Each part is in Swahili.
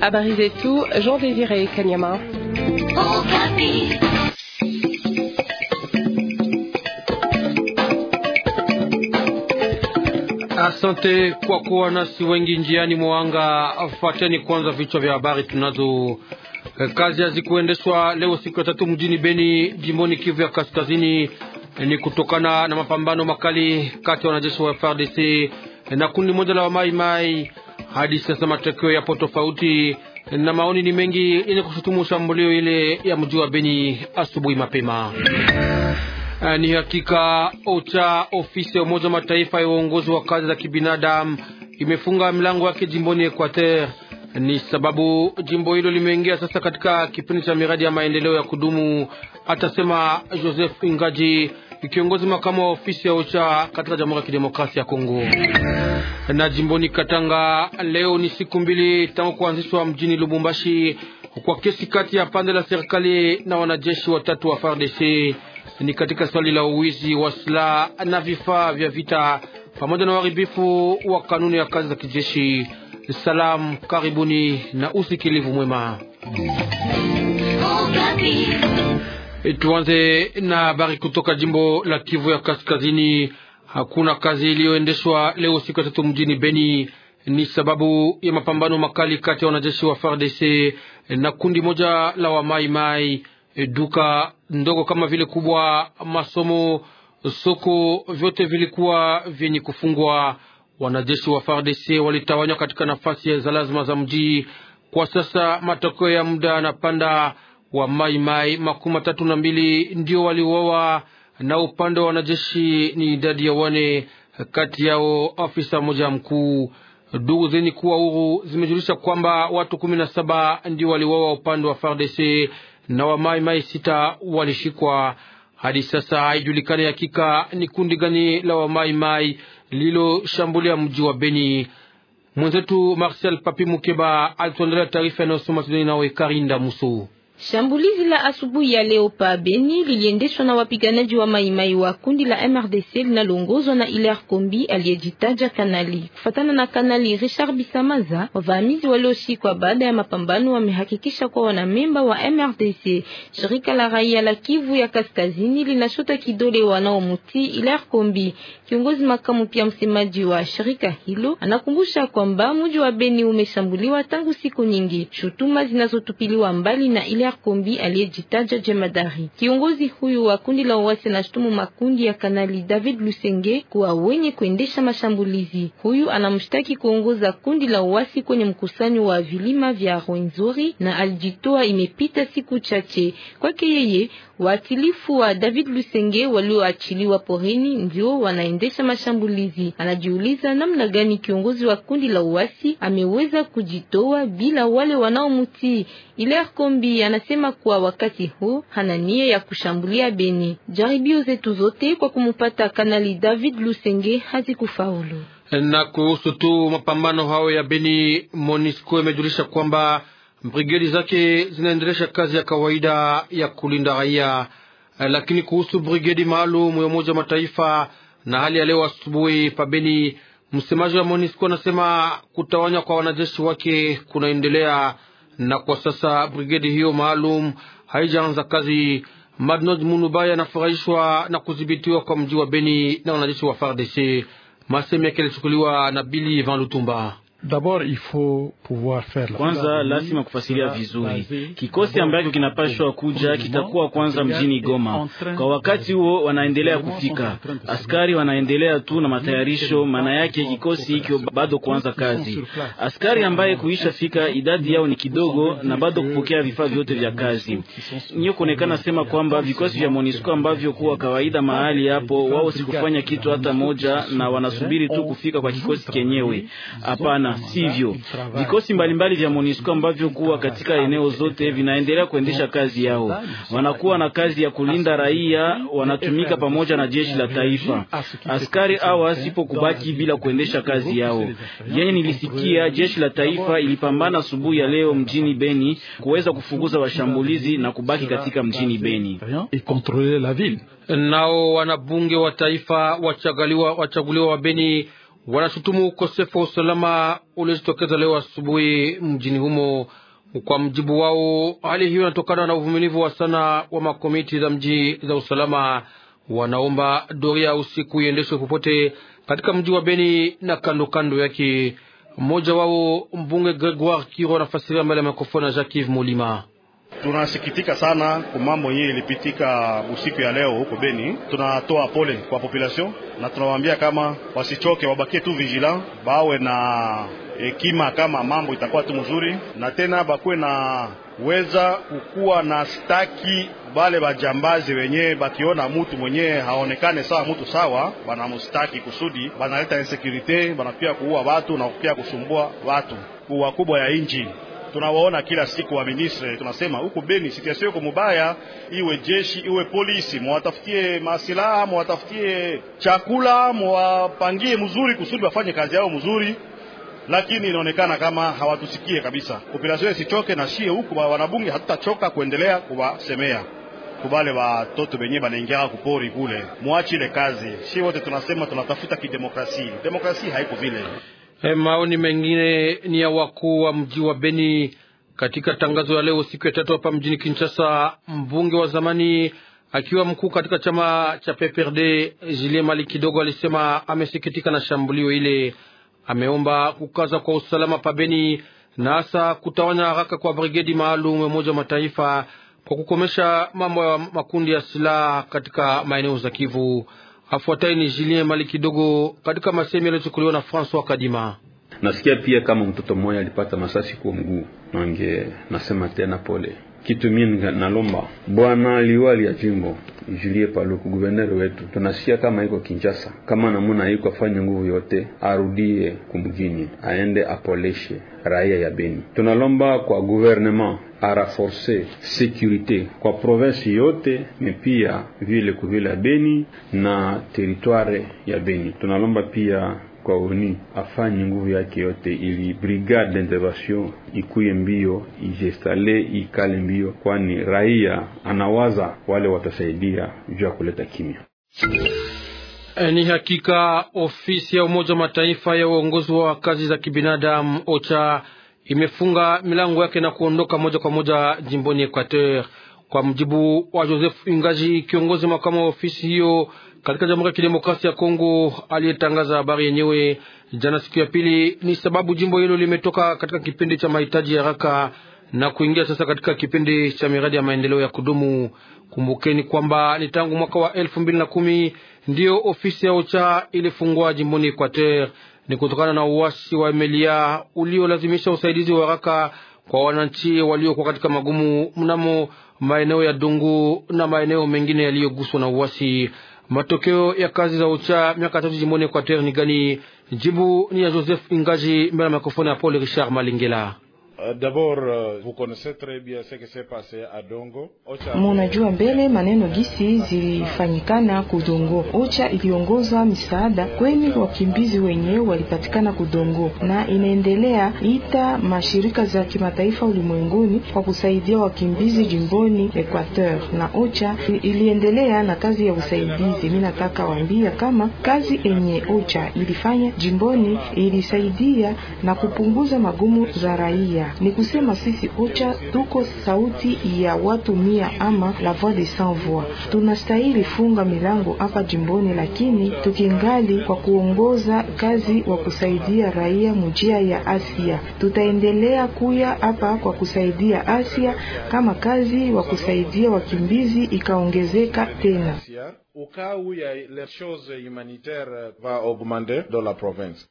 Habari zetu, Jean Désiré Kanyama. Okapi. Asante kwa kuwa nasi wengi njiani mwanga. Fateni kwanza vichwa vya habari tunazo. Kazi hazikuendeshwa leo siku ya tatu mjini Beni, jimboni Kivu ya Kaskazini, ni kutokana na mapambano makali kati ya wanajeshi wa FARDC na kundi moja la wamaimai. Hadi sasa matokeo yapo tofauti na maoni ni mengi yenye kushutumu shambulio ile ya mji wa Beni asubuhi mapema. Eh, ni hakika OCHA, ofisi ya Umoja wa Mataifa ya uongozi wa kazi za kibinadamu, imefunga mlango wake jimboni Equateur. Ni sababu jimbo hilo limeingia sasa katika kipindi cha miradi ya maendeleo ya kudumu, atasema Joseph Ingaji, kiongozi makamu wa ofisi ya OCHA katika Jamhuri ya Kidemokrasia ya Kongo. Na jimboni Katanga, leo ni siku mbili tangu kuanzishwa mjini Lubumbashi kwa kesi kati ya pande la serikali na wanajeshi watatu wa FARDC ni katika swali la uwizi wa silaha na vifaa vya vita pamoja na uharibifu wa kanuni ya kazi za kijeshi. Salamu, karibuni na usikilivu mwema. Oh, Tuanze na habari kutoka jimbo la Kivu ya Kaskazini. Hakuna kazi iliyoendeshwa leo siku ya tatu mjini Beni ni sababu ya mapambano makali kati ya wanajeshi wa FARDC na kundi moja la wamaimai. E, duka ndogo kama vile kubwa, masomo, soko, vyote vilikuwa vyenye kufungwa. Wanajeshi wa FARDC walitawanywa katika nafasi za lazima za mji. Kwa sasa matokeo ya muda yanapanda wa Mai Mai makumi tatu na mbili ndio waliuawa na upande wa wanajeshi ni idadi ya wane, kati yao afisa mmoja mkuu. Ndugu zenye kuwa huru zimejulisha kwamba watu kumi na saba ndio waliuawa upande wa FARDC na wa Mai Mai sita walishikwa. Hadi sasa haijulikani hakika ni kundi gani la wa Mai Mai lililoshambulia mji wa Beni. Mwenzetu Marcel Papi Mukeba alituandalia taarifa yanayosoma tudeni nawe Karinda Muso. Shambulizi la asubuhi ya leo pa Beni liliendeshwa na wapiganaji wa maimai wa kundi la MRDC linalongozwa na iler Kombi aliyejitaja kanali. Kufatana na Kanali Richard Bisamaza, wavamizi walioshikwa baada ya mapambano wamehakikisha kwa wanamemba wa MRDC. Shirika la raia la Kivu ya Kaskazini linashota kidole wanaomuti Hilaire Kombi. Kiongozi makamu pia msemaji wa shirika hilo anakumbusha kwamba mji wa Beni umeshambuliwa tangu siku nyingi. Shutuma zinazotupiliwa mbali na Hilaire Bernard Kombi aliyejitaja jemadari. Kiongozi huyu wa kundi la uasi anashutumu makundi ya Kanali David Lusenge kuwa wenye kuendesha mashambulizi. Huyu anamshtaki kuongoza kundi la uasi kwenye mkusanyo wa vilima vya Rwenzori na alijitoa imepita siku chache. Kwake yeye, waatilifu wa David Lusenge walioachiliwa porini ndio wanaendesha mashambulizi. Anajiuliza namna gani kiongozi wa kundi la uasi ameweza kujitoa bila wale wanaomutii. Ile Kombi ana anasema kuwa wakati huu hana nia ya kushambulia Beni. Jaribio zetu zote kwa kumupata Kanali David Lusenge hazikufaulu. Na kuhusu tu mapambano hayo ya Beni, Monisco imejulisha kwamba brigedi zake zinaendelesha kazi ya kawaida ya kulinda raia, lakini kuhusu brigedi maalum ya Umoja wa Mataifa na hali ya leo asubuhi pabeni, msemaji wa Monisco anasema kutawanywa kwa wanajeshi wake kunaendelea na kwa sasa brigedi hiyo maalum haijaanza kazi. Madnod Munubaya anafurahishwa na kudhibitiwa kwa mji wa Beni na wanajeshi wa FARDC. Masemi yake yalichukuliwa na Bili Van Lutumba. Kwanza lazima kufasiria vizuri kikosi ambacho kinapashwa kuja kitakuwa kwanza mjini Goma. Kwa wakati huo wanaendelea kufika askari, wanaendelea tu na matayarisho. Maana yake kikosi hicho bado kuanza kazi. Askari ambaye kuisha fika idadi yao ni kidogo, na bado kupokea vifaa vyote vya kazi. Niyo kuonekana sema kwamba vikosi vya MONUSCO ambavyo kuwa kawaida mahali hapo, wao sikufanya kitu hata moja, na wanasubiri tu kufika kwa kikosi kenyewe. Hapana sana, sivyo? Vikosi mbalimbali vya MONUSCO ambavyo kuwa katika eneo zote vinaendelea kuendesha kazi yao, wanakuwa na kazi ya kulinda raia, wanatumika pamoja na jeshi la taifa. Askari awa sipo kubaki bila kuendesha kazi yao. Yenye nilisikia jeshi la taifa ilipambana asubuhi ya leo mjini Beni kuweza kufukuza washambulizi na kubaki katika mjini Beni. Nao wanabunge wa taifa wachaguliwa wa Beni wanashutumu ukosefu wa usalama uliojitokeza leo asubuhi mjini humo. Kwa mjibu wao, hali hiyo inatokana na uvumilivu wa sana wa makomiti za mji za usalama. Wanaomba doria usiku iendeshwe popote katika mji wa Beni na kando kando yake. Mmoja wao mbunge Gregoire Kiro anafasiria mbele ya mikrofoni ya Jacques Molima. Tunasikitika sana kwa mambo yenyewe ilipitika usiku ya leo huko Beni. Tunatoa pole kwa population na tunawaambia kama wasichoke, wabakie tu vigila, bawe na hekima kama mambo itakuwa tu mzuri, na tena bakuwe na weza kukuwa na staki bale bajambazi wenye bakiona mutu mwenye haonekane sawa mutu sawa, banamustaki kusudi banaleta insecurity, banapia kuua watu na kupia kusumbua watu kuwa kubwa ya inji tunawaona kila siku wa ministre, tunasema huku Beni situasio iko mubaya, iwe jeshi iwe polisi, mwatafutie masilaha, mwatafutie chakula, mwapangie mzuri kusudi wafanye kazi yao mzuri, lakini inaonekana kama hawatusikie kabisa. Operesheni sichoke na shie huku wanabunge hatutachoka kuendelea kuwasemea kubale watoto benye banaingia kupori kule, mwachi kazi. Si wote tunasema tunatafuta kidemokrasia, demokrasia haiko vile. Eh, maoni mengine ni ya wakuu wa mji wa Beni. Katika tangazo ya leo siku ya tatu hapa mjini Kinshasa, mbunge wa zamani akiwa mkuu katika chama cha PPRD Julien Mali Kidogo alisema amesikitika na shambulio ile. Ameomba kukaza kwa usalama pabeni na hasa kutawanya haraka kwa brigedi maalum ya Umoja wa Mataifa kwa kukomesha mambo ya makundi ya silaha katika maeneo za Kivu. Afuatai ni Julien Mali kidogo katika masemi yaliyochukuliwa na François Kadima. Nasikia pia kama mtoto mmoja alipata masasi kwa mguu, nange nasema tena pole kitu mingi nalomba bwana liwali ya jimbo Julie Paluku, guverneri wetu, tunasikia kama iko Kinshasa, kama namuna iko afanye nguvu yote arudie kumgini, aende apoleshe raia ya Beni. Tunalomba kwa gouvernement araforce sécurité kwa province yote mepia vile kuvile ya Beni na teritware ya Beni. Tunalomba pia kwa ONU afanye nguvu yake yote ili brigade d'intervention ikuye mbio, ijestale, ikale mbio, kwani raia anawaza wale watasaidia juu ya kuleta kimya. Eh, ni hakika ofisi ya Umoja wa Mataifa ya uongozi wa kazi za kibinadamu OCHA imefunga milango yake na kuondoka moja kwa moja jimboni Equateur. Kwa mjibu wa Joseph Ingaji, kiongozi makamu wa ofisi hiyo katika Jamhuri ya Kidemokrasia ya Kongo, aliyetangaza habari yenyewe jana siku ya pili, ni sababu jimbo hilo limetoka katika kipindi cha mahitaji ya haraka na kuingia sasa katika kipindi cha miradi ya maendeleo ya kudumu. Kumbukeni kwamba ni tangu mwaka wa elfu mbili na kumi ndiyo ofisi ya OCHA ilifungwa jimboni Equateur. Ni kutokana na uwasi wa Melia uliolazimisha usaidizi wa haraka kwa wananchi waliokuwa katika magumu mnamo maeneo ya Dungu na maeneo mengine yaliyoguswa na uwasi. Matokeo ya kazi za ucha miaka tatu jimboni Equateur ni gani? Jibu ni ya Joseph Ingaji mbele ya mikrofoni ya Paul Richard Malingela. Eh, d'abord, eh, vous connaissez très bien ce qui s'est passé à Dongo. Eh, Munajua mbele maneno gisi zilifanyikana kudongo. Ocha iliongoza misaada kweni wakimbizi wenye walipatikana kudongo, na inaendelea ita mashirika za kimataifa ulimwenguni kwa kusaidia wakimbizi jimboni Equateur, na Ocha iliendelea na kazi ya usaidizi. Mimi nataka waambia kama kazi enye Ocha ilifanya jimboni ilisaidia na kupunguza magumu za raia ni kusema sisi OCHA tuko sauti ya watu mia ama la voix de sans voix. Tunastahili funga milango hapa jimboni, lakini tukingali kwa kuongoza kazi wa kusaidia raia mujia ya Asia. Tutaendelea kuya hapa kwa kusaidia Asia kama kazi wa kusaidia wakimbizi ikaongezeka tena au cas où les choses humanitaires va augmenter dans la province.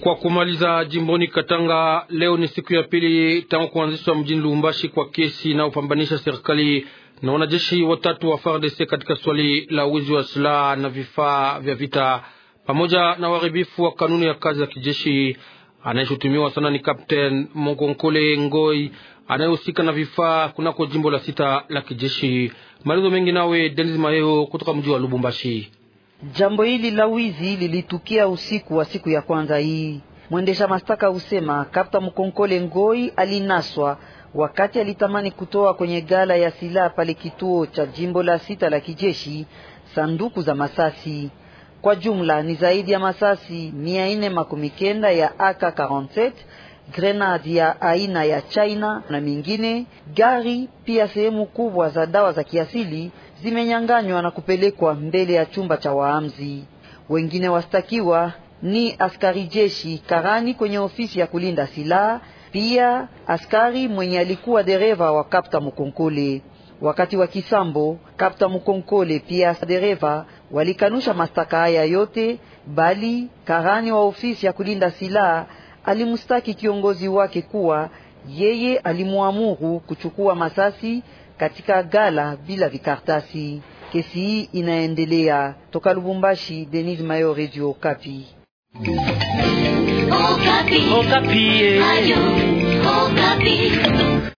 Kwa kumaliza jimboni Katanga, leo ni siku ya pili tangu kuanzishwa mjini Lubumbashi kwa kesi inayopambanisha serikali na wanajeshi watatu wa FARDC katika swali la wizi wa silaha na vifaa vya vita pamoja na uharibifu wa kanuni ya kazi ya kijeshi. Anayeshutumiwa sana ni Kapten Mongonkole Ngoi anayehusika na vifaa kunako jimbo la sita la kijeshi. Maelezo mengi nawe Denis Maheo kutoka mji wa Lubumbashi. Jambo hili la wizi lilitukia usiku wa siku ya kwanza hii. Mwendesha mashtaka husema Kapta Mkonkole Ngoi alinaswa wakati alitamani kutoa kwenye gala ya silaha pale kituo cha jimbo la sita la kijeshi sanduku za masasi. Kwa jumla ni zaidi ya masasi mia nne makumi kenda ya AK47 grenadi ya aina ya China na mingine, gari pia sehemu kubwa za dawa za kiasili zimenyang'anywa na kupelekwa mbele ya chumba cha waamzi. Wengine wastakiwa ni askari jeshi karani kwenye ofisi ya kulinda silaha, pia askari mwenye alikuwa dereva wa kapta Mukonkole. Wakati wa kisambo, kapta Mukonkole pia dereva walikanusha mashtaka haya yote, bali karani wa ofisi ya kulinda silaha alimstaki kiongozi wake kuwa yeye alimwamuru kuchukua masasi katika gala bila vikartasi. Kesi hii inaendelea toka Lubumbashi. Denis Mayo, Radio Okapi. Okapi. Okapi. Eh. Ayo, Okapi.